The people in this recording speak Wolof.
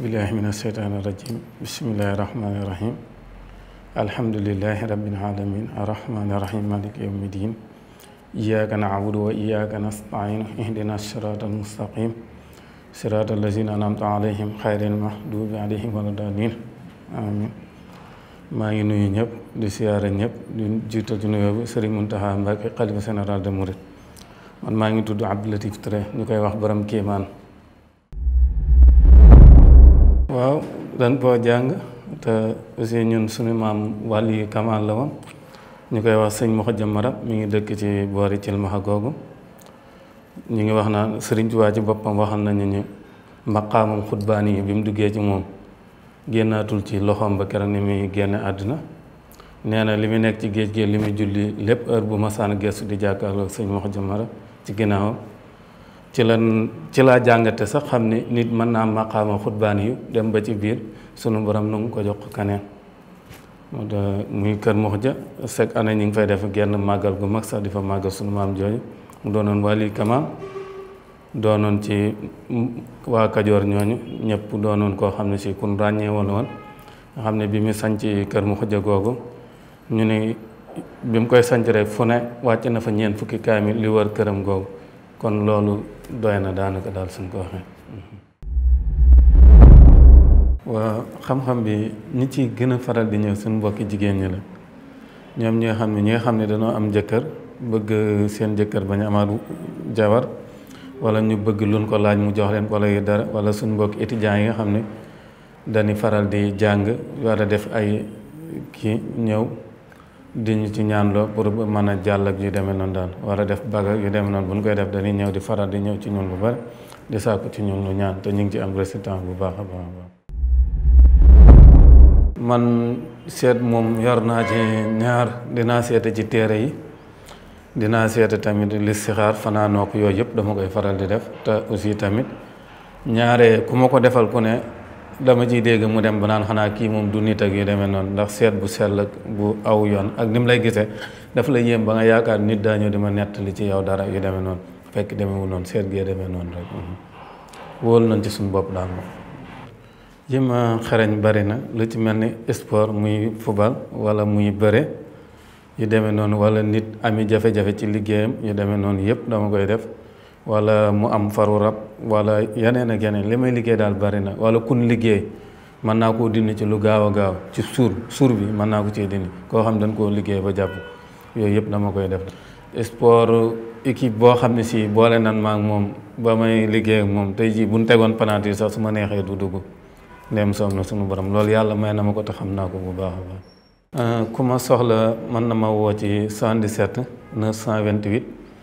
ausbillahi min asheytaan irajim bismillahi irahmani irahim alhamdulilahi rabilalamin arrahmani irahim malik yawmi din iyaaka naabudu wa iyaaka nastain ihdina siraat almustaqim siraat allazina anamta alayhim xayril mahdubi alayhim wala dalin amin maa ngi nuyu ñëpp di siyaara ñëpp di jiital ci nuyoo bi Sëriñ Muntaxa Mbàkke xalifa général de Mouride man maa ngi tudd Abdou Latif Touré ñu koy wax borom Kéemaan waaw dañ koo jàng te aussi ñun suñu maam wàll yi kamal la woon ñu koy wax sëñ Moxo Jamara mi ngi dëkk ci boori Cilmaxa googu ñu ngi wax naan Sëriñ Tuubaa ci boppam waxal nañu ñu maqaamam xutbaani yi bi mu duggee ci moom génnaatul ci loxoom ba keroog ni muy génne àddina nee na li muy nekk ci géej gi li muy julli lépp heure bu masaan gestu di jàkkaarloo sëñ Moxo Jamara ci ginnaawam ci la ci laa jàngate sax xam ne nit mën naa am maqaama xutbaan yu dem ba ci biir sunu borom nu ngi ko jox kaneen moo tax muy kër Muxja chaque année ñi ngi fay def genn màggal gu mag sax di fa màggal sunu maam jooju mu doonoon wali kamaam doonoon ci waa Kajoor ñooñu ñëpp doonoon koo xam ne si kun ràññee woon woon xam ne bi mu sanc kër Muxja googu ñu ne bi mu koy sanc rek fu wàcc na fa ñeent fukki kaamil li wër këram googu kon loolu doy na daanaka daal suñ ko waxee waaw xam-xam bi ñi ci gën a faral di ñëw suñ mbokki jigéen ñi la ñoom ñi nga xam ne ñi nga xam ne dañoo am jëkkër bëgg seen jëkkër bañ amaat jabar walla ñu bëgg luñ ko laaj mu jox leen wala yu dara wala suñ mbokki étudiants yi nga xam ne dañuy faral di jàng war def ay ki ñëw di ñu ci ñaanloo pour mën a jàll ak yu demee noonu daal wala def baga yu demee noonu bu ñu koy def dañuy ñëw di faral di ñëw ci ñun lu bari di sàkku ci ñun lu ñaan te ñu ngi ci am résultat bu baax a baax a baax man seet moom yor naa ci ñaar dinaa seete ci téere yi dinaa seete tamit listixaar fanaanook yooyu yëpp dama koy faral di def te aussi tamit ñaare ku ma ko defal ku ne dama ciy dégg mu dem ba naan xanaa kii moom du nit ak yu demee noonu ndax seet bu sell ak bu aw yoon ak ni mu lay gisee daf la yéem ba nga yaakaar nit daa ñëw di ma nettali ci yow dara yu demee noonu fekk demewul noonu seet gee demee noonu rek mhm. wóolu nañ ci suñu bopp daal moom. yi ma xarañ bari na lu ci mel ni sport muy football wala muy bëre yu demee noonu wala nit ami jafe-jafe ci liggéeyam yu demee noonu yëpp dama koy def. wala mu am faru rab wala yeneen ak yeneen li may liggéey daal bari na wala kun liggéey mën naa koo dindi ci lu gaaw a gaaw ci suur suur bi mën naa ko cee dindi koo xam dañ koo liggéey ba jàpp yooyu yëpp dama koy def sport équipe boo xam ne si boole nan maak moom ba may liggéey ak moom tey jii bu ñu tegoon penalty sax su ma neexee du dugg ndem soom na suñu borom loolu yàlla may na ma ko te xam naa ko bu baax a baax euh, ku ma soxla mën na ma woo ci 77 928